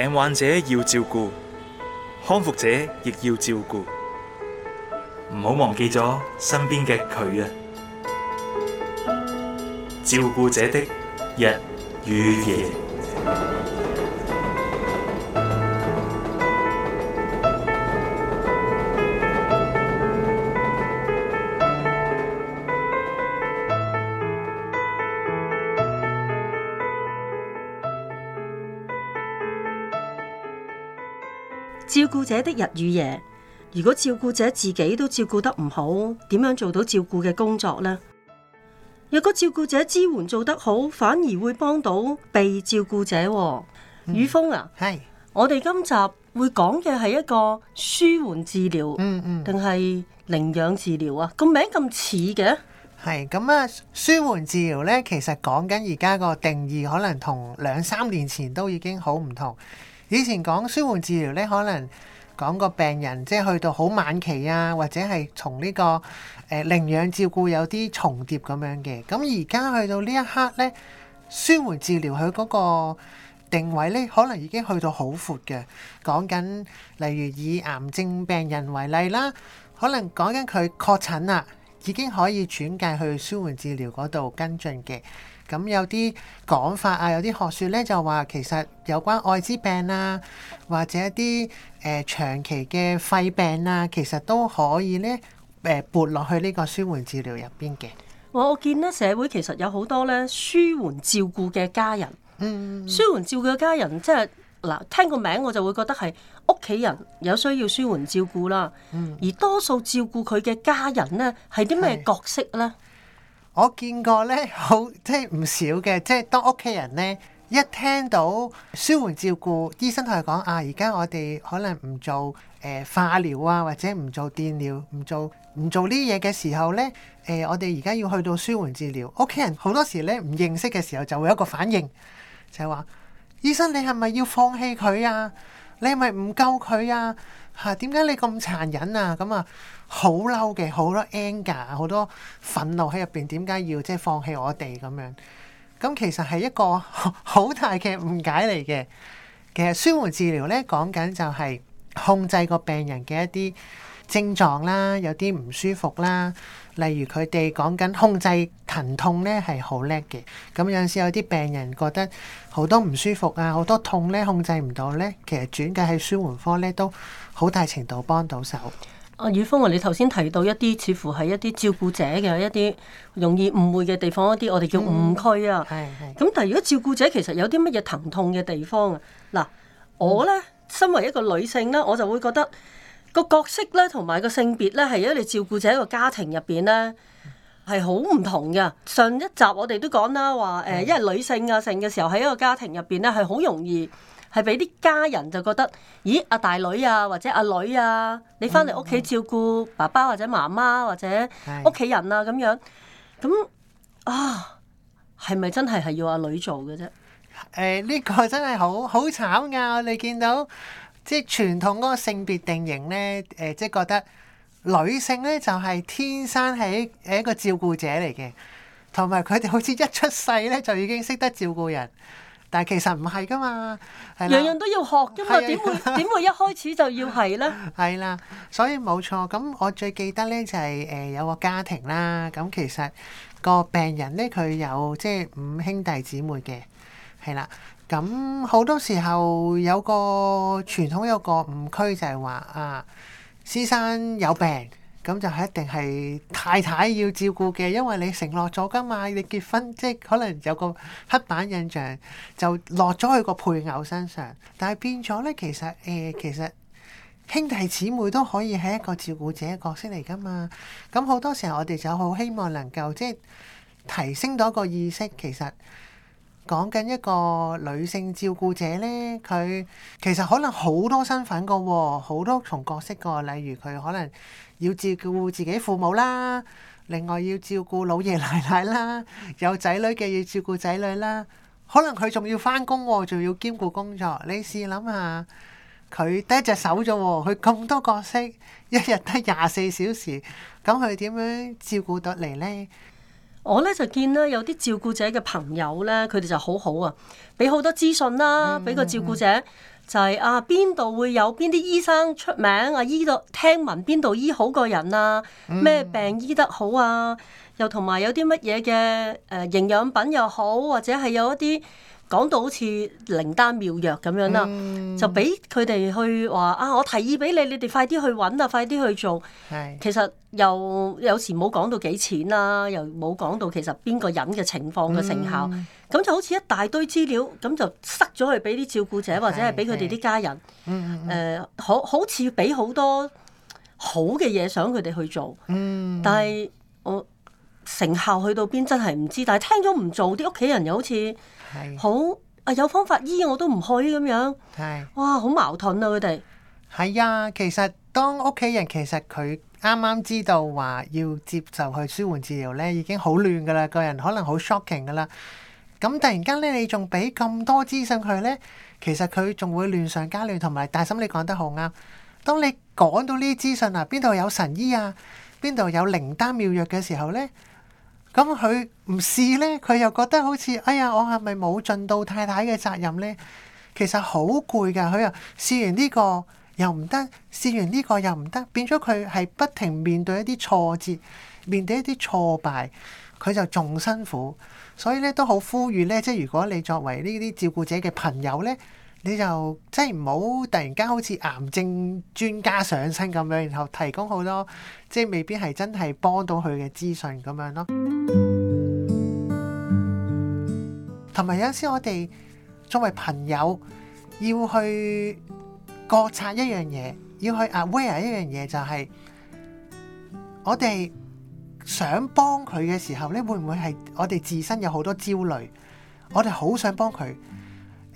病患者要照顧，康復者亦要照顧，唔好忘記咗身邊嘅佢啊！照顧者嘅日與夜。者的日與夜，如果照顧者自己都照顧得唔好，點樣做到照顧嘅工作呢？若果照顧者支援做得好，反而會幫到被照顧者。哦、雨、嗯、峰啊，係是，我哋今集會講嘅係一個舒緩治療、嗯，嗯嗯，定係靈養治療啊？個名咁似嘅，係咁啊？舒緩治療呢，其實講緊而家個定義，可能同兩三年前都已經好唔同。以前講舒緩治療呢，可能。講個病人即係去到好晚期啊，或者係從呢、這個誒寧、呃、養照顧有啲重疊咁樣嘅。咁而家去到呢一刻呢，舒緩治療佢嗰個定位呢，可能已經去到好闊嘅。講緊例如以癌症病人為例啦，可能講緊佢確診啦，已經可以轉介去舒緩治療嗰度跟進嘅。咁有啲講法啊，有啲學説咧，就話其實有關愛滋病啊，或者啲誒、呃、長期嘅肺病啊，其實都可以咧誒、呃、撥落去呢個舒緩治療入邊嘅。我我見咧社會其實有好多咧舒緩照顧嘅家人，舒緩照顧嘅家人，嗯、家人即係嗱聽個名我就會覺得係屋企人有需要舒緩照顧啦。嗯、而多數照顧佢嘅家人咧係啲咩角色咧？我見過咧，好即係唔少嘅，即係當屋企人咧一聽到舒緩照顧，醫生同佢講啊，而家我哋可能唔做誒、呃、化療啊，或者唔做電療，唔做唔做呢嘢嘅時候咧，誒、呃、我哋而家要去到舒緩治療，屋企人好多時咧唔認識嘅時候就會有一個反應，就係話：醫生你係咪要放棄佢啊？你係咪唔救佢啊？吓，點解、啊、你咁殘忍啊？咁啊，好嬲嘅，好多 anger，好多憤怒喺入邊。點解要即係放棄我哋咁樣？咁其實係一個好大嘅誤解嚟嘅。其實舒緩治療咧，講緊就係控制個病人嘅一啲。症狀啦，有啲唔舒服啦，例如佢哋講緊控制疼痛咧係好叻嘅，咁有時有啲病人覺得好多唔舒服啊，好多痛咧控制唔到咧，其實轉介去舒緩科咧都好大程度幫到手。阿宇峰啊，你頭先提到一啲似乎係一啲照顧者嘅一啲容易誤會嘅地方一啲，我哋叫誤區啊。係係、嗯。咁但係如果照顧者其實有啲乜嘢疼痛嘅地方啊？嗱，我咧身為一個女性咧，我就會覺得。個角色咧，同埋個性別咧，係因為照顧者喺個家庭入邊咧，係好唔同㗎。上一集我哋都講啦，話誒，因為女性啊，性嘅時候喺一個家庭入邊咧，係好容易係俾啲家人就覺得，咦，阿大女啊，或者阿女啊，你翻嚟屋企照顧爸爸或者媽媽或者屋企人啊，咁樣，咁啊，係咪真係係要阿女做嘅啫？誒，呢個真係好好慘噶，我哋見到。即係傳統嗰個性別定型咧，誒即係覺得女性咧就係天生係係一個照顧者嚟嘅，同埋佢哋好似一出世咧就已經識得照顧人，但係其實唔係噶嘛，樣樣都要學噶嘛，點的會點 會一開始就要係咧？係啦，所以冇錯。咁我最記得咧就係誒有個家庭啦，咁其實個病人咧佢有即係五兄弟姊妹嘅，係啦。咁好多時候有個傳統有個誤區就係話啊，先生有病，咁就係一定係太太要照顧嘅，因為你承諾咗㗎嘛，你結婚即係可能有個刻板印象就落咗去個配偶身上，但係變咗呢，其實誒、欸、其實兄弟姊妹都可以係一個照顧者嘅角色嚟㗎嘛，咁好多時候我哋就好希望能夠即係提升到一個意識，其實。講緊一個女性照顧者呢，佢其實可能好多身份個、哦，好多重角色個。例如佢可能要照顧自己父母啦，另外要照顧老爺奶奶啦，有仔女嘅要照顧仔女啦。可能佢仲要返工喎，仲要兼顧工作。你試諗下，佢得一隻手啫喎，佢咁多角色，一日得廿四小時，咁佢點樣照顧得嚟呢？我咧就見咧有啲照顧者嘅朋友咧，佢哋就好好啊，俾好多資訊啦，俾、mm hmm. 個照顧者就係、是、啊邊度會有邊啲醫生出名啊，醫到聽聞邊度醫好個人啊，咩、mm hmm. 病醫得好啊，又同埋有啲乜嘢嘅誒營養品又好，或者係有一啲。講到好似靈丹妙藥咁樣啦、啊，嗯、就俾佢哋去話啊，我提議俾你，你哋快啲去揾啊，快啲去做。是其實又有時冇講到幾錢啦、啊，又冇講到其實邊個人嘅情況嘅成效，咁、嗯、就好似一大堆資料，咁就塞咗去俾啲照顧者或者係俾佢哋啲家人，誒、呃，好好似俾好多好嘅嘢想佢哋去做。嗯嗯、但係我成效去到邊真係唔知，但係聽咗唔做，啲屋企人又好似。係好啊！有方法醫我都唔去咁樣，係是哇，好矛盾啊！佢哋係啊，其實當屋企人其實佢啱啱知道話要接受去舒緩治療咧，已經好亂噶啦，個人可能好 shocking 噶啦。咁突然間咧，你仲俾咁多資訊佢咧，其實佢仲會亂上加亂，同埋大嬸你講得好啱。當你講到呢啲資訊啊，邊度有神醫啊，邊度有靈丹妙藥嘅時候咧，咁佢唔試咧，佢又覺得好似哎呀，我係咪冇盡到太太嘅責任咧？其實好攰㗎，佢啊，試完呢個又唔得，試完呢個又唔得，變咗佢係不停面對一啲挫折，面對一啲挫敗，佢就仲辛苦。所以咧都好呼籲咧，即係如果你作為呢啲照顧者嘅朋友咧。你就即係唔好突然間好似癌症專家上身咁樣，然後提供好多即係未必係真係幫到佢嘅資訊咁樣咯。同埋 有陣時，我哋作為朋友要去覺察一樣嘢，要去 aware 一樣嘢，就係我哋想幫佢嘅時候咧，會唔會係我哋自身有好多焦慮？我哋好想幫佢。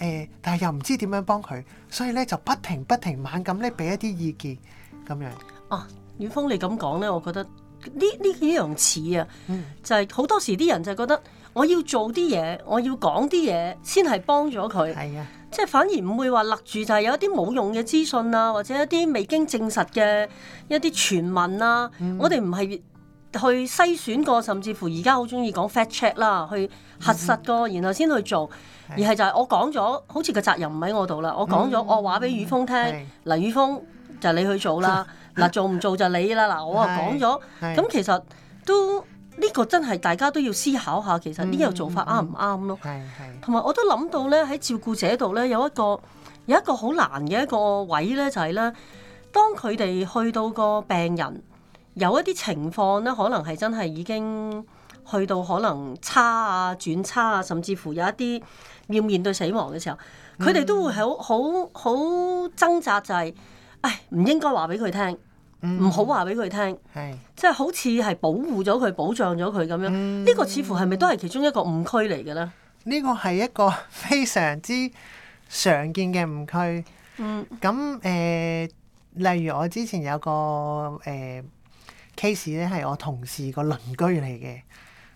誒，但係又唔知點樣幫佢，所以咧就不停不停猛咁咧俾一啲意見咁樣。哦、啊，遠峰你咁講咧，我覺得呢呢幾樣似啊，嗯、就係好多時啲人就覺得我要做啲嘢，我要講啲嘢，先係幫咗佢。係啊，即係反而唔會話勒住，就係有一啲冇用嘅資訊啊，或者一啲未經證實嘅一啲傳聞啊，嗯、我哋唔係去篩選過，甚至乎而家好中意講 fact check 啦，去核實過，嗯嗯、然後先去做。而係就係我講咗，好似個責任唔喺我度啦。我講咗，嗯、我話俾宇峰聽，嗱、嗯，宇峰就係、你去做啦。嗱， 做唔做就你啦。嗱，我講咗，咁其實都呢、呢個真係大家都要思考下，其實呢個做法啱唔啱咯。同埋、嗯嗯、我都諗到咧，喺照顧者度咧有一個有一個好難嘅一個位咧，就係、是、咧，當佢哋去到個病人有一啲情況咧，可能係真係已經。去到可能差啊、轉差啊，甚至乎有一啲要面對死亡嘅時候，佢哋、嗯、都會好好好掙扎、就是，就係唉，唔應該話俾佢聽，唔好話俾佢聽，即係好似係保護咗佢、保障咗佢咁樣。呢、嗯、個似乎係咪都係其中一個誤區嚟嘅呢？呢個係一個非常之常見嘅誤區。嗯，咁誒、呃，例如我之前有個誒、呃、case 咧，係我同事個鄰居嚟嘅。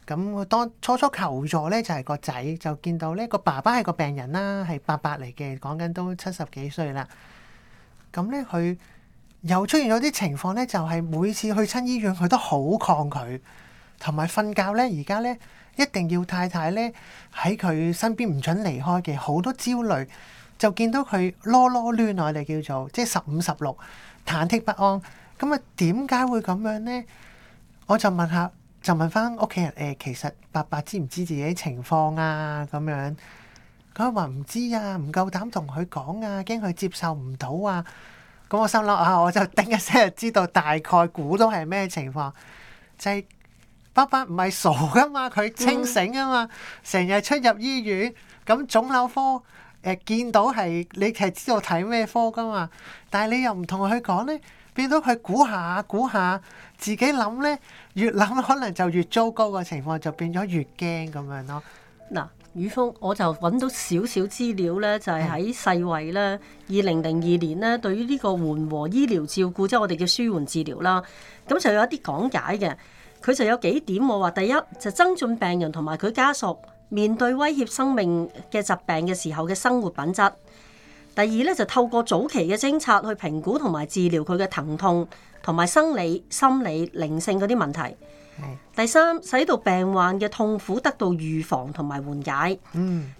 咁我當初初求助咧，就係個仔，就見到咧，個爸爸係個病人啦，係伯伯嚟嘅，講緊都七十幾歲啦。咁咧佢又出現咗啲情況咧，就係每次去親醫院佢都好抗拒，同埋瞓覺咧而家咧一定要太太咧喺佢身邊唔准離開嘅，好多焦慮，就見到佢囉囉攣，我哋叫做即係十五十六，忐忑不安。咁啊，點解會咁樣咧？我就問下。就問翻屋企人誒，其實伯伯知唔知自己情況啊？咁樣佢話唔知啊，唔夠膽同佢講啊，驚佢接受唔到啊。咁我心諗啊，我就叮一聲就知道大概估到係咩情況。就係伯伯唔係傻噶嘛，佢清醒噶嘛，成日出入醫院，咁腫瘤科誒、呃、見到係你係知道睇咩科噶嘛，但係你又唔同佢講呢。變到佢估下估下，自己諗呢，越諗可能就越糟糕嘅情況，就變咗越驚咁樣咯。嗱、呃，宇峰，我就揾到少少資料呢，就係、是、喺世衛呢，二零零二年呢，對於呢個緩和醫療照顧，即、就、係、是、我哋叫舒緩治療啦，咁就有一啲講解嘅。佢就有幾點我話，第一就增進病人同埋佢家屬面對威脅生命嘅疾病嘅時候嘅生活品質。第二咧就透過早期嘅偵察去評估同埋治療佢嘅疼痛同埋生理、心理、靈性嗰啲問題。第三，使到病患嘅痛苦得到預防同埋緩解。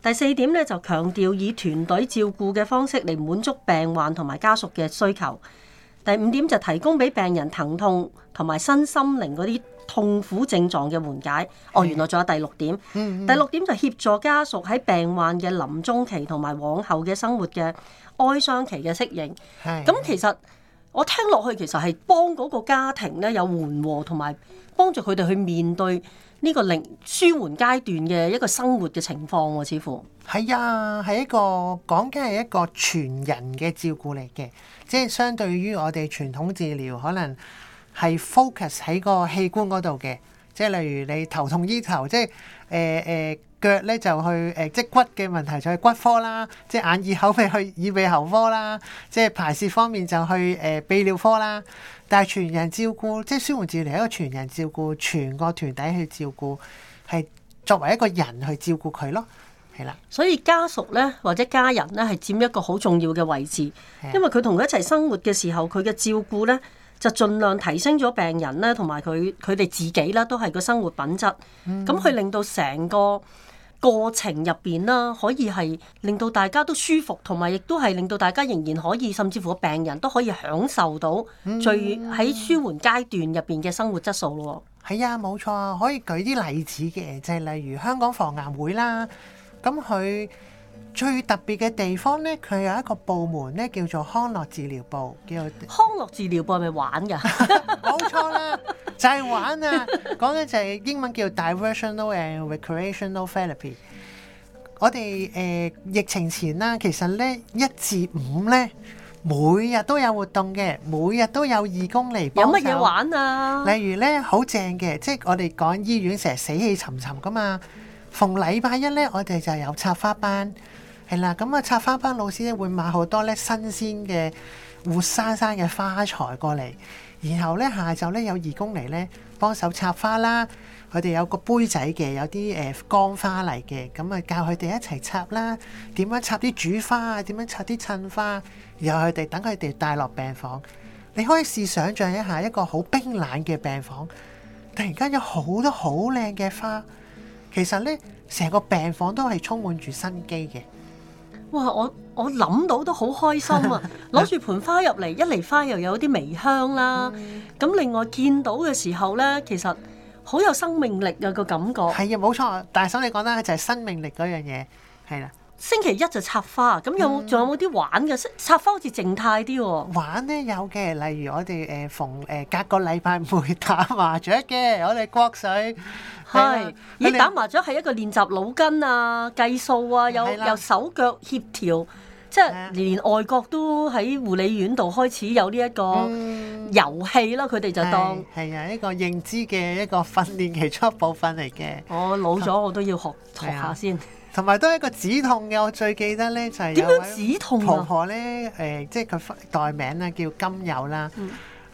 第四點咧就強調以團隊照顧嘅方式嚟滿足病患同埋家屬嘅需求。第五點就提供俾病人疼痛同埋身心靈嗰啲。痛苦症狀嘅緩解，哦，原來仲有第六點。嗯嗯、第六點就協助家屬喺病患嘅臨終期同埋往後嘅生活嘅哀傷期嘅適應。咁是其實我聽落去其實係幫嗰個家庭咧，有緩和同埋幫助佢哋去面對呢個靈舒緩階段嘅一個生活嘅情況喎，啊，似乎係啊，係一個講緊係一個全人嘅照顧嚟嘅，即係相對於我哋傳統治療可能。係 focus 喺個器官嗰度嘅，即係例如你頭痛醫頭，即係誒誒腳咧就去誒，即係骨嘅問題就去骨科啦，即係眼耳口鼻去耳鼻喉科啦，即係排泄方面就去誒泌尿科啦。但係全人照顧，即係舒緩治療一個全人照顧，全個團體去照顧，係作為一個人去照顧佢咯，係啦。所以家屬咧或者家人咧係佔一個好重要嘅位置，因為佢同佢一齊生活嘅時候，佢嘅照顧咧。就盡量提升咗病人咧，同埋佢佢哋自己啦，都係個生活品質。咁佢令到成個過程入邊啦，可以係令到大家都舒服，同埋亦都係令到大家仍然可以，甚至乎個病人都可以享受到最喺舒緩階段入邊嘅生活質素咯。係啊、嗯，冇錯，可以舉啲例子嘅，就係、係、例如香港防癌會啦。咁佢，最特別嘅地方呢，佢有一個部門呢，叫做康樂治療部。叫康樂治療部係咪玩㗎？冇 錯啦，就係、是、玩啊！講緊 就係英文叫 Diversional and Recreational Therapy。我哋誒、呃、疫情前啦，其實呢一至五呢，每日都有活動嘅，每日都有義工嚟幫手。有乜嘢玩啊？例如呢，好正嘅，即係我哋講醫院成日死氣沉沉㗎嘛。逢禮拜一呢，我哋就有插花班。係啦，咁啊、嗯、插花班老師咧會買好多咧新鮮嘅活生生嘅花材過嚟，然後咧下晝咧有義工嚟咧幫手插花啦。佢哋有個杯仔嘅，有啲誒乾花嚟嘅，咁、嗯、啊教佢哋一齊插啦，點樣插啲主花啊，點樣插啲襯花，然後佢哋等佢哋帶落病房。你可以試想像一下一個好冰冷嘅病房，突然間有好多好靚嘅花，其實咧成個病房都係充滿住生機嘅。哇！我我諗到都好開心啊！攞住盆花入嚟， 一嚟花又有啲微香啦、啊，咁另外見到嘅時候呢，其實好有生命力嘅個感覺。係啊，冇錯，大嫂你講得就係、係、生命力嗰樣嘢，係啦、啊。星期一就插花，咁有仲有冇啲玩嘅？插花好似靜態啲喎。玩咧有嘅，例如我哋誒逢誒隔個禮拜會打麻雀嘅，我哋國粹。係，你打麻雀係一個練習腦筋啊、計數啊，有又的手腳協調，的即係連外國都喺護理院度開始有呢一個遊戲啦。佢哋的就當係啊，一個認知嘅一個訓練其中一部分嚟嘅。我老咗，同我都要學學下先。同埋都係一個止痛嘅。我最記得咧就係、是、有位婆婆咧，誒、啊呃，即係佢代名咧叫金友啦。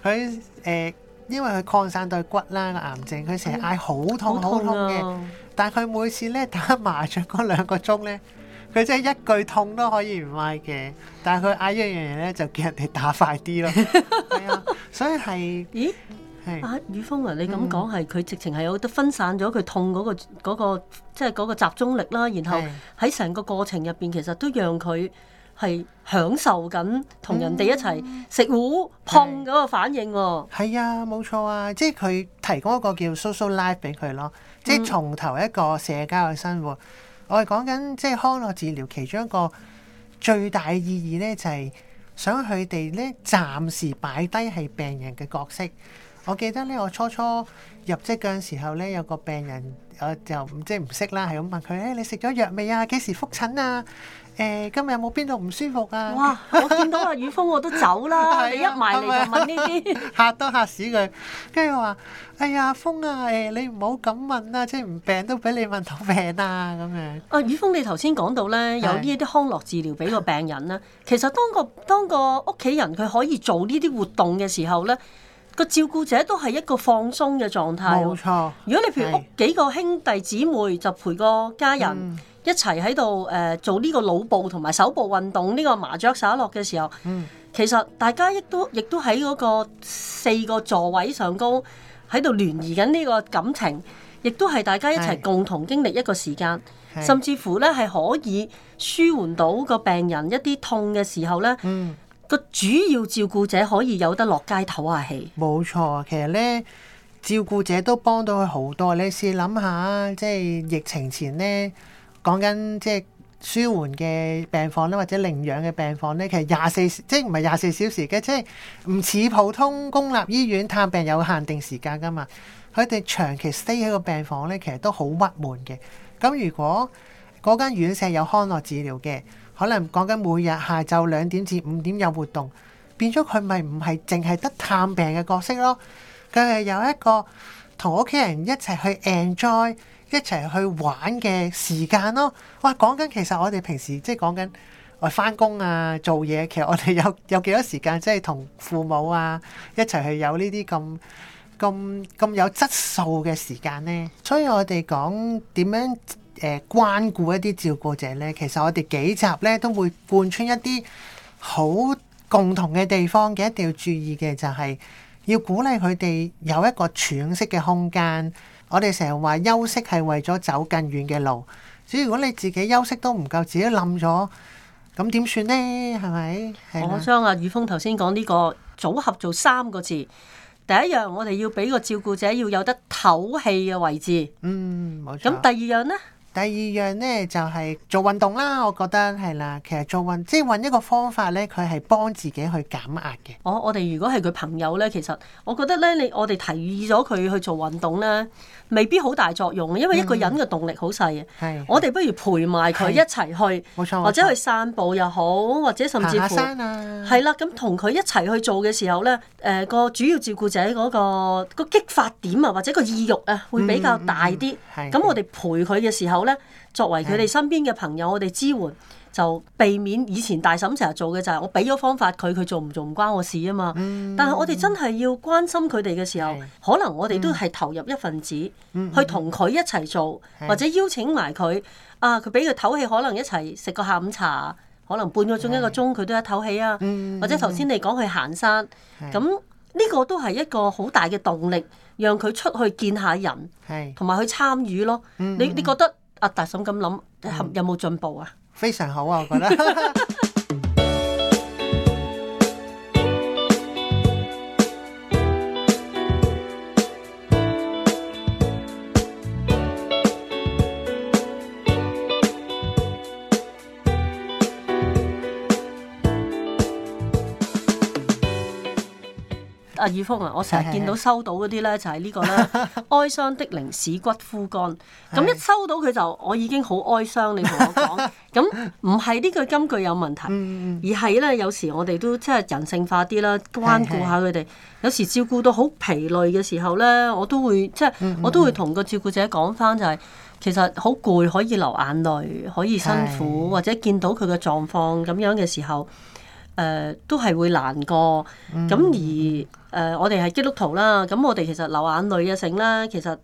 佢誒、嗯呃，因為佢擴散到骨啦，癌症佢成日嗌好痛好痛嘅，但係佢每次咧打麻雀嗰兩個鐘咧，佢真係一句痛都可以唔嗌嘅。但係佢嗌一樣嘢咧，就叫人哋打快啲咯。係 啊，所以係咦？啊，雨峰啊，你咁講係佢直情係有得分散咗佢痛嗰個、嗰個，即、嗰、係、個就是、個集中力啦。然後喺成個過程入邊，嗯、其實都讓佢係享受緊同人哋一齊食糊碰嗰個反應。係啊，冇錯啊，即係佢提供一個叫 social so life 俾佢咯，即係從頭一個社交嘅生活。嗯、我哋講緊即係康樂治療其中一個最大意義咧，就係想佢哋咧暫時擺低係病人嘅角色。我記得咧，我初初入職嘅時候咧，有個病人，我就即係唔識啦，係咁問佢咧、哎：你食咗藥未啊？幾時復診啊？誒、哎，今日有冇邊度唔舒服啊？哇！我見到阿宇峰我都走啦， 啊、你一埋嚟就問呢啲，是不是 嚇都嚇死佢。跟住我話：哎呀，峰啊，誒你唔好咁問啦、啊，即係唔病都俾你問到病啊咁樣。阿宇峰你頭先講到咧，是有呢啲康樂治療俾個病人咧， 其實當個當個屋企人佢可以做呢啲活動嘅時候咧。個照顧者都係一個放鬆嘅狀態，冇錯。如果你譬如屋是幾個兄弟姊妹就陪個家人一齊喺度誒做呢個腦部同埋手部運動，呢、呢個麻雀灑落嘅時候，嗯、其實大家亦都亦都喺嗰個四個座位上高喺度聯誼緊呢個感情，亦都係大家一齊共同經歷一個時間，甚至乎呢係可以舒緩到個病人一啲痛嘅時候呢。嗯個主要照顧者可以有得落街唞下氣，冇錯。其實咧，照顧者都幫到佢好多。你試諗下，即係疫情前咧，講緊即係舒緩嘅病房咧，或者領養嘅病房咧，其實廿四，即係唔係廿四小時嘅，即係唔似普通公立醫院探病有限定時間㗎嘛。佢哋長期 stay 喺個病房咧，其實都好鬱悶嘅。咁如果嗰間院舍有康樂治療嘅。可能講緊每日下晝兩點至五點有活動，變咗佢咪唔係淨係得探病嘅角色咯？佢係有一個同屋企人一齊去 enjoy、一齊去玩嘅時間咯。哇！講緊其實我哋平時即係講緊我返工啊、做嘢，其實我哋有有幾多時間即係同父母啊一齊去有呢啲咁咁咁有質素嘅時間呢？所以我哋講點樣？誒關顧一啲照顧者呢，其實我哋幾集呢都會貫穿一啲好共同嘅地方嘅，一定要注意嘅就係要鼓勵佢哋有一個喘息嘅空間。我哋成日話休息係為咗走更遠嘅路，所以如果你自己休息都唔夠，自己冧咗，咁點算呢？係咪？我想阿宇峯頭先講呢個組合做三個字，第一樣我哋要俾個照顧者要有得唞氣嘅位置。嗯，冇錯。咁第二樣呢？第二樣呢，就係、是、做運動啦，我覺得係啦。其實做運動即係揾一個方法呢，佢係幫自己去減壓嘅、哦。我我哋如果係佢朋友呢，其實我覺得呢，你我哋提議咗佢去做運動呢，未必好大作用，因為一個人嘅動力好細。係、嗯。我哋不如陪埋佢一齊去，或者去散步又好，或者甚至乎，下山係、啊、啦，咁同佢一齊去做嘅時候呢，誒、呃、個主要照顧者喺、那、嗰、個那個激發點啊，或者個意欲啊，會比較大啲。咁、嗯、我哋陪佢嘅時候。咧，作為佢哋身邊嘅朋友，我哋支援就避免以前大嬸成日做嘅就係我俾咗方法佢，佢做唔做唔關我事啊嘛。但係我哋真係要關心佢哋嘅時候，可能我哋都係投入一份子去同佢一齊做，或者邀請埋佢啊。佢俾佢唞氣，可能一齊食個下午茶，可能半個鐘一個鐘，佢都一唞氣啊。或者頭先你講去行山，咁呢個都係一個好大嘅動力，讓佢出去見下人，同埋去參與咯。你你覺得？阿、啊、大嬸咁諗，有冇進步啊、嗯？非常好啊，我覺得。 阿、啊、雨風啊，我成日見到收到嗰啲咧，是是就係呢個咧， 哀傷的靈，使骨枯乾。咁一收到佢就，我已經好哀傷。你同我講，咁唔係呢句金句有問題，而係咧有時我哋都即係人性化啲啦，關顧下佢哋。是是有時照顧到好疲累嘅時候咧，我都會即係、就是、我都會同個照顧者講返、就是，就係其實好攰，可以流眼淚，可以辛苦，是是或者見到佢嘅狀況咁樣嘅時候。誒、呃、都係會難過，咁、嗯、而誒、呃、我哋係基督徒啦，咁我哋其實流眼淚嘅成啦，其實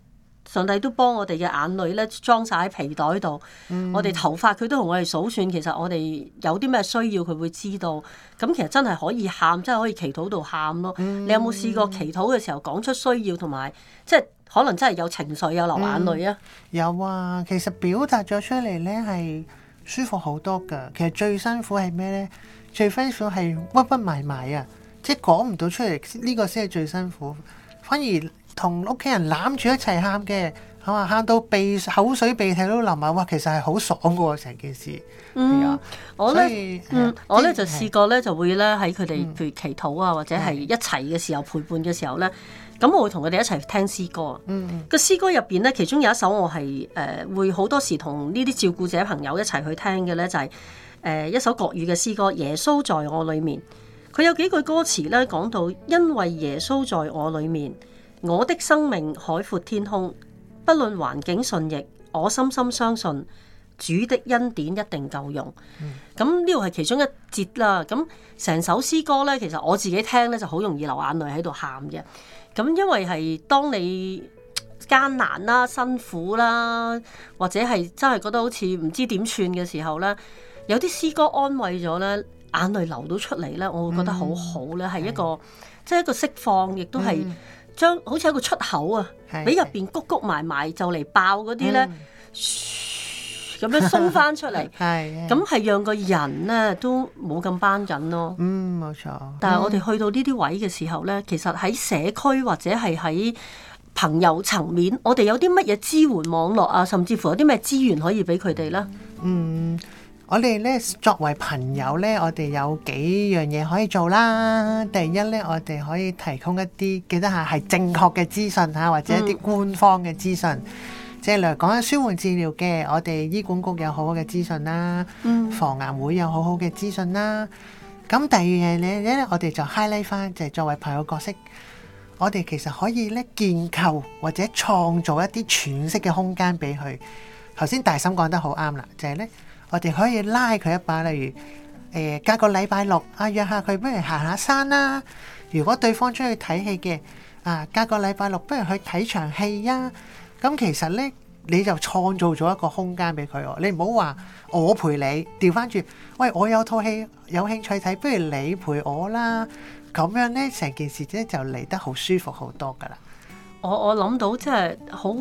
上帝都幫我哋嘅眼淚咧裝晒喺皮袋度。嗯、我哋頭髮佢都同我哋數算，其實我哋有啲咩需要佢會知道。咁其實真係可以喊，真係可以祈禱到喊咯。嗯、你有冇試過祈禱嘅時候講出需要同埋，即係可能真係有情緒有流眼淚啊、嗯？有啊，其實表達咗出嚟咧係舒服好多㗎。其實最辛苦係咩咧？最辛苦係屈屈埋埋啊，即係講唔到出嚟，呢個先係最辛苦。反而同屋企人攬住一齊喊嘅，係嘛，喊到鼻口水鼻涕都流埋，哇，其實係好爽㗎喎，成件事。嗯，我咧，我咧就試過咧，就會咧喺佢哋譬如祈禱啊，嗯、或者係一齊嘅時候的陪伴嘅時候咧。咁我會同佢哋一齊聽詩歌，個詩、mm hmm. 歌入邊咧，其中有一首我係誒、呃、會好多時同呢啲照顧者朋友一齊去聽嘅咧，就係、是、誒、呃、一首國語嘅詩歌《耶穌在我裡面》。佢有幾句歌詞咧，講到因為耶穌在我裡面，我的生命海闊天空，不論環境順逆，我深深相信主的恩典一定夠用。咁呢個係其中一節啦。咁、嗯、成首詩歌咧，其實我自己聽咧就好容易流眼淚喺度喊嘅。咁因為係當你艱難啦、辛苦啦，或者係真係覺得好似唔知點算嘅時候咧，有啲詩歌安慰咗咧，眼淚流到出嚟咧，我會覺得好好咧，係、嗯、一個是即係一個釋放，亦都係將、嗯、好似一個出口啊，喺入邊谷谷埋埋就嚟爆嗰啲咧。嗯。咁樣鬆返出嚟，咁係 是的 讓個人咧都冇咁班緊咯。嗯，冇錯。但係我哋去到呢啲位嘅時候咧，其實喺社區或者係喺朋友層面，我哋有啲乜嘢支援網絡啊，甚至乎有啲咩資源可以俾佢哋咧？嗯，我哋咧作為朋友咧，我哋有幾樣嘢可以做啦。第一咧，我哋可以提供一啲記得下係正確嘅資訊吓，或者一啲官方嘅資訊。即係嚟講下舒緩治療嘅，我哋醫管局有好好嘅資訊啦；嗯、防癌會有好好嘅資訊啦。咁第二樣嘢咧咧，我哋就 highlight 翻，就係、是、作為朋友角色，我哋其實可以咧建構或者創造一啲喘息嘅空間俾佢。頭先大心講得好啱啦，就係、是、咧，我哋可以拉佢一把，例如誒、呃，隔個禮拜六啊，約下佢，不如行下山啦。如果對方中意睇戲嘅，啊，隔個禮拜六，不如去睇場戲啊。咁其實咧，你就創造咗一個空間俾佢喎。你唔好話我陪你，調翻轉，喂，我有套戲有興趣睇，不如你陪我啦。咁樣咧，成件事咧就嚟得好舒服好多㗎喇。我我諗到即係好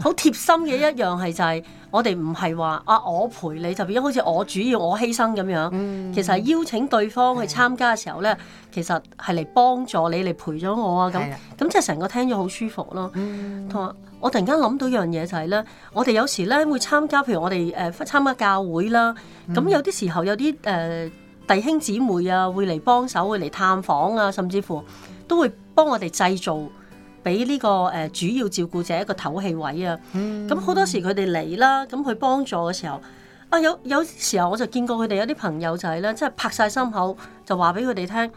好貼心嘅一樣係就係我哋唔係話，啊我陪你，就變咗好似我主要我犧牲咁樣，嗯、其實係邀請對方去參加嘅時候咧，的其實係嚟幫助你嚟陪咗我啊，咁咁即係成個聽咗好舒服咯、啊。嗯、同我我突然間諗到一樣嘢就係咧，我哋有時咧會參加譬如我哋誒、呃、參加教會啦，咁有啲時候有啲誒、呃、弟兄姊妹啊會嚟幫手會嚟探訪啊，甚至乎都會幫我哋製造。俾呢、這個誒、呃、主要照顧者一個透氣位啊！咁好、嗯、多時佢哋嚟啦，咁去幫助嘅時候，啊有有時候我就見過佢哋有啲朋友仔係咧，即係拍晒心口就話俾佢哋聽：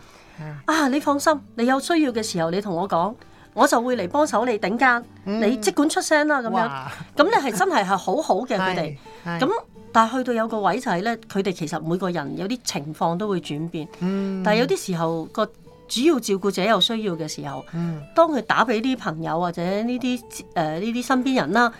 啊，你放心，你有需要嘅時候你同我講，我就會嚟幫手你頂肩。嗯、你即管出聲啦，咁樣咁你係真係係好好嘅佢哋。咁但係去到有個位仔係咧，佢哋其實每個人有啲情況都會轉變。嗯、但係有啲時候個。主要照顧者有需要嘅時候，當佢打俾啲朋友或者呢啲誒呢啲身邊人啦，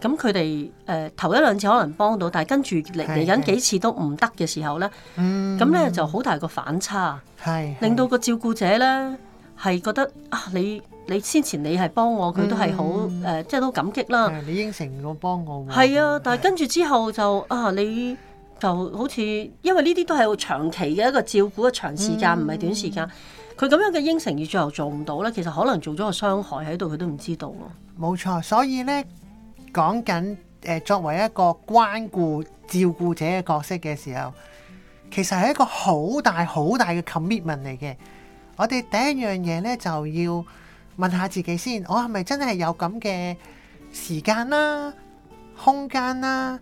咁佢哋誒頭一兩次可能幫到，但係跟住嚟嚟緊幾次都唔得嘅時候是是呢，咁呢是就好大個反差，是是令到個照顧者呢，係覺得啊，你你先前你係幫我，佢都係好誒，即係都感激啦。你應承我幫我，係啊，是但係跟住之後就啊，你就好似因為呢啲都係長期嘅一個照顧嘅長時間，唔係短時間。嗯嗯佢咁樣嘅應承，而最後做唔到咧，其實可能做咗個傷害喺度，佢都唔知道咯。冇錯，所以咧講緊誒，作為一個關顧照顧者嘅角色嘅時候，其實係一個好大好大嘅 commitment 嚟嘅。我哋第一樣嘢咧就要問下自己先，我係咪真係有咁嘅時間啦、空間啦、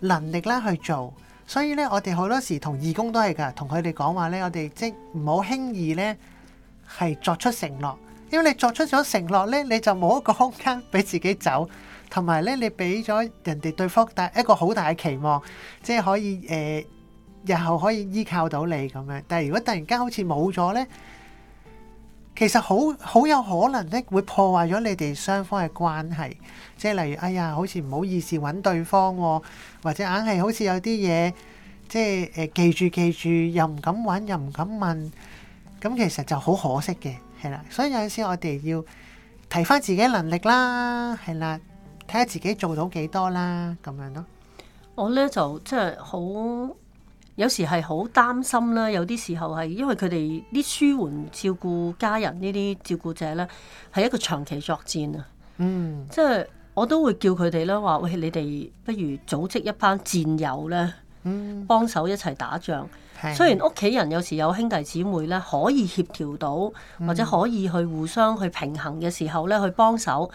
能力啦去做？所以咧，我哋好多時同義工都係噶，同佢哋講話咧，我哋即唔好輕易咧。係作出承諾，因為你作出咗承諾咧，你就冇一個空間俾自己走，同埋咧你俾咗人哋對方帶一個好大嘅期望，即係可以誒，日後可以依靠到你咁樣。但係如果突然間好似冇咗咧，其實好好有可能咧會破壞咗你哋雙方嘅關係。即係例如，哎呀，好似唔好意思揾對方喎，或者硬係好似有啲嘢，即係誒記住記住，又唔敢揾，又唔敢問。咁其實就好可惜嘅，係啦，所以有陣時我哋要提返自己能力啦，係啦，睇下自己做到幾多啦，咁樣咯。我咧就即係好，有時係好擔心啦。有啲時候係因為佢哋啲舒緩照顧家人呢啲照顧者咧，係一個長期作戰啊。嗯，即係我都會叫佢哋咧話：喂，你哋不如組織一班戰友咧，嗯，幫手一齊打仗。嗯雖然屋企人有時有兄弟姊妹咧，可以協調到或者可以去互相去平衡嘅時候咧，去幫手。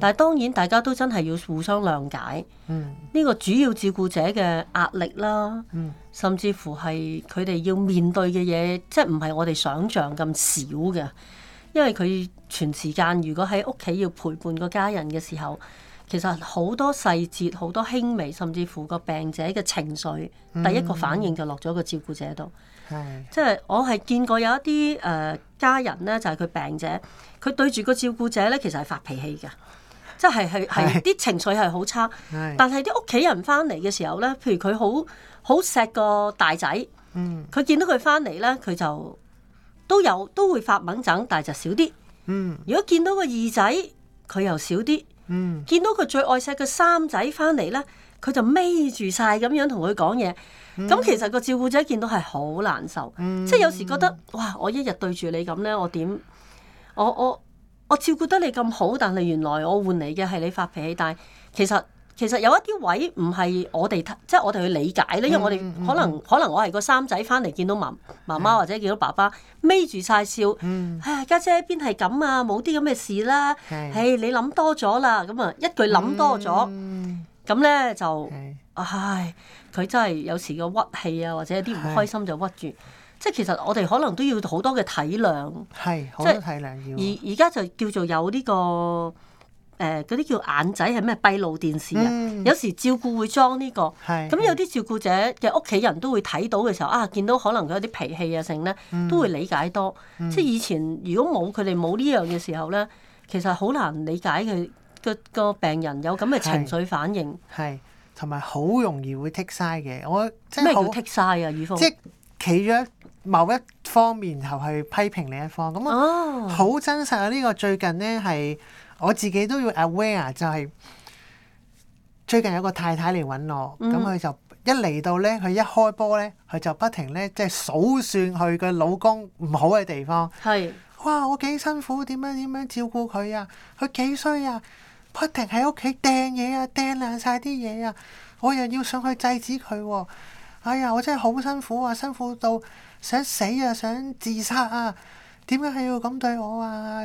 但係當然大家都真係要互相諒解。呢個主要照顧者嘅壓力啦，甚至乎係佢哋要面對嘅嘢，即係唔係我哋想像咁少嘅，因為佢全時間如果喺屋企要陪伴個家人嘅時候。其實好多細節，好多輕微，甚至乎個病者嘅情緒，第一個反應就落咗個照顧者度。係，即係我係見過有一啲誒家人咧，就係佢病者，佢對住個照顧者咧，其實係發脾氣嘅，即係係係啲情緒係好差。是的 但係啲屋企人翻嚟嘅時候咧，譬如佢好好錫個大仔，佢見到佢翻嚟咧，佢就都有都會發矇憎，但係就少啲。嗯，如果見到個二仔，佢又少啲。嗯，見到佢最愛錫嘅三仔翻嚟咧，佢就孭住晒咁樣同佢講嘢。咁、嗯、其實個照顧者見到係好難受，嗯、即係有時覺得哇！我一日對住你咁咧，我點我我我照顧得你咁好，但係原來我換嚟嘅係你發脾氣，但係其實。其實有一啲位唔係我哋，即係我哋去理解咧，因為我哋可能可能我係個三仔翻嚟見到媽媽媽或者見到爸爸，眯住晒笑，唉，家姐邊係咁啊，冇啲咁嘅事啦，誒你諗多咗啦，咁啊一句諗多咗，咁咧就唉，佢真係有時個屈氣啊，或者啲唔開心就屈住，即係其實我哋可能都要好多嘅體諒，即係體諒而而家就叫做有呢個。誒嗰啲叫眼仔係咩閉路電視啊？嗯、有時照顧會裝呢、呢個，咁是、嗯、有啲照顧者嘅屋企人都會睇到嘅時候啊，見到可能佢有啲脾氣啊，成咧都會理解多。嗯、即係以前如果冇佢哋冇呢樣嘅時候咧，其實好難理解佢個個病人有咁嘅情緒反應，係同埋好容易會剔晒嘅。我咩叫剔晒啊？雨風即係企咗某一方面後去批評另一方，咁啊好真實啊！呢、呢個最近咧係。我自己都要 aware，就係最近有個太太嚟揾我，咁佢就一嚟到呢，佢一開波呢，佢就不停呢，即係數算佢嘅老公唔好嘅地方。係是 哇，我幾辛苦，點樣點樣照顧佢啊？佢幾衰啊！不停喺屋企掟嘢啊，掟爛晒啲嘢啊！我又要上去制止佢啊。哎呀，我真係好辛苦啊，辛苦到想死啊，想自殺啊！點解係要咁對我啊？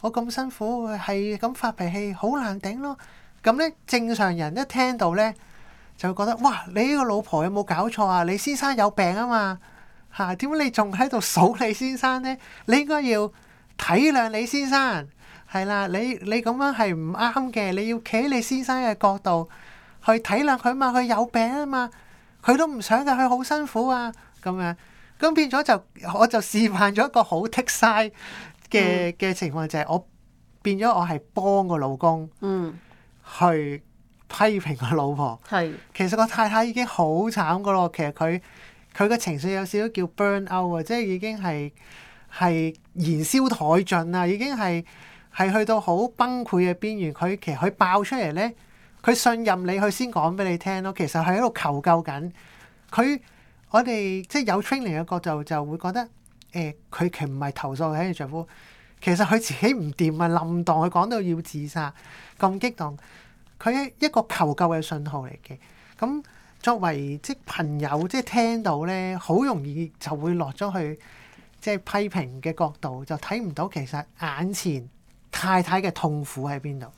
我咁辛苦，係咁發脾氣，好難頂咯。咁咧，正常人一聽到咧，就會覺得哇，你呢個老婆有冇搞錯啊？你先生有病啊嘛，吓，點解你仲喺度數你先生咧？你應該要體諒你先生，係啦，你你咁樣係唔啱嘅。你要企喺你先生嘅角度去體諒佢嘛，佢有病啊嘛，佢都唔想嘅，佢好辛苦啊，咁樣。咁變咗就，我就示範咗一個好 take side 嘅嘅情況、嗯、就係我變咗我係幫個老公，嗯，去批評個老婆。係是，其實個太太已經好慘噶咯，其實佢佢個情緒有少少叫 burn out 啊，即係已經係係燃燒殆盡啊，已經係係去到好崩潰嘅邊緣。佢其實佢爆出嚟咧，佢信任你，佢先講俾你聽咯。其實佢喺度求救緊，佢。我哋即係有 training 嘅角度，就會覺得誒，佢、欸、其實唔係投訴喺你丈夫，其實佢自己唔掂啊，冧當佢講到要自殺咁激動，佢係一個求救嘅信號嚟嘅。咁作為即朋友，即係聽到咧，好容易就會落咗去即係批評嘅角度，就睇唔到其實眼前太太嘅痛苦喺邊度。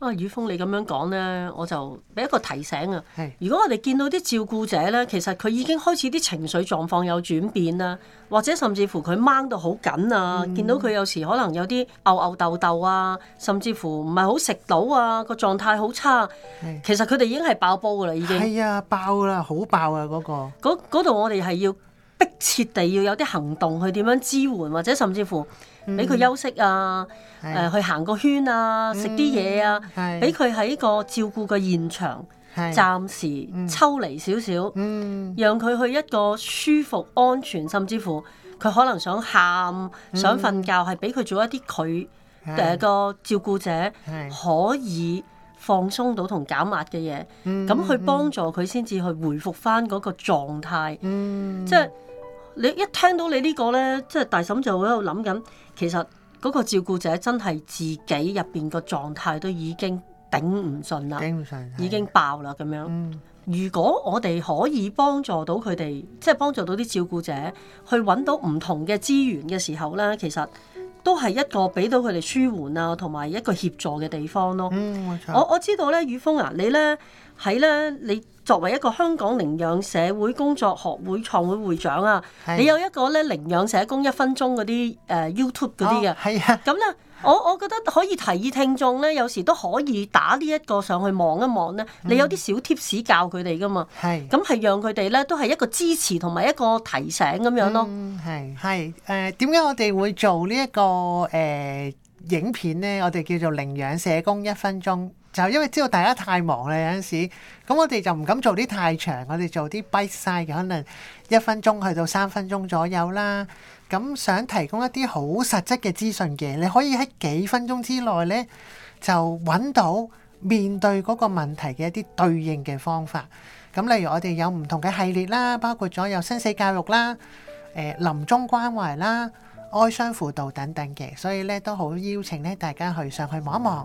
啊，宇峰，你咁樣講咧，我就俾一個提醒啊。係是，如果我哋見到啲照顧者咧，其實佢已經開始啲情緒狀況有轉變啦，或者甚至乎佢掹到好緊啊，嗯、見到佢有時可能有啲吽吽豆豆啊，甚至乎唔係好食到啊，個狀態好差。是其實佢哋已經係爆煲噶啦，已經係啊，爆啦，好爆啊嗰、那個。嗰度我哋係要迫切地要有啲行動去點樣支援，或者甚至乎。俾佢休息啊，誒去行個圈啊，食啲嘢啊，俾佢喺個照顧嘅現場，暫時抽離少少，讓佢去一個舒服、安全，甚至乎佢可能想喊、想瞓覺，係俾佢做一啲佢誒個照顧者可以放鬆到同減壓嘅嘢，咁去幫助佢先至去回復返嗰個狀態，即係。你一聽到你呢個咧，即係大嬸就喺度諗緊，其實嗰個照顧者真係自己入邊個狀態都已經頂唔順啦，頂唔順，已經爆啦咁樣。嗯、如果我哋可以幫助到佢哋，即係幫助到啲照顧者去揾到唔同嘅資源嘅時候咧，其實。都係一個俾到佢哋舒緩啊，同埋一個協助嘅地方咯。嗯，冇錯。我我知道咧，宇峰啊，你咧喺咧，你作為一個香港領養社會工作學會創會會長啊，是你有一個咧領養社工一分鐘嗰啲誒 YouTube 嗰啲嘅。係、哦、啊。咁咧。 我我覺得可以提議聽眾咧，有時都可以打呢一個上去望一望咧。你有啲小貼士教佢哋噶嘛？係、嗯。咁係讓佢哋咧都係一個支持同埋一個提醒咁樣咯。係係誒，點解、呃、我哋會做呢、這、一個誒、呃、影片咧？我哋叫做領養社工一分鐘。就因為知道大家太忙啦，有陣時，咁我哋就唔敢做啲太長，我哋做啲 bite size 嘅，可能一分鐘去到三分鐘左右啦。咁想提供一啲好實質嘅資訊嘅，你可以喺幾分鐘之內咧就揾到面對嗰個問題嘅一啲對應嘅方法。咁例如我哋有唔同嘅系列啦，包括咗有生死教育啦、誒臨終關懷啦、哀傷輔導等等嘅，所以咧都好邀請咧大家去上去望一望。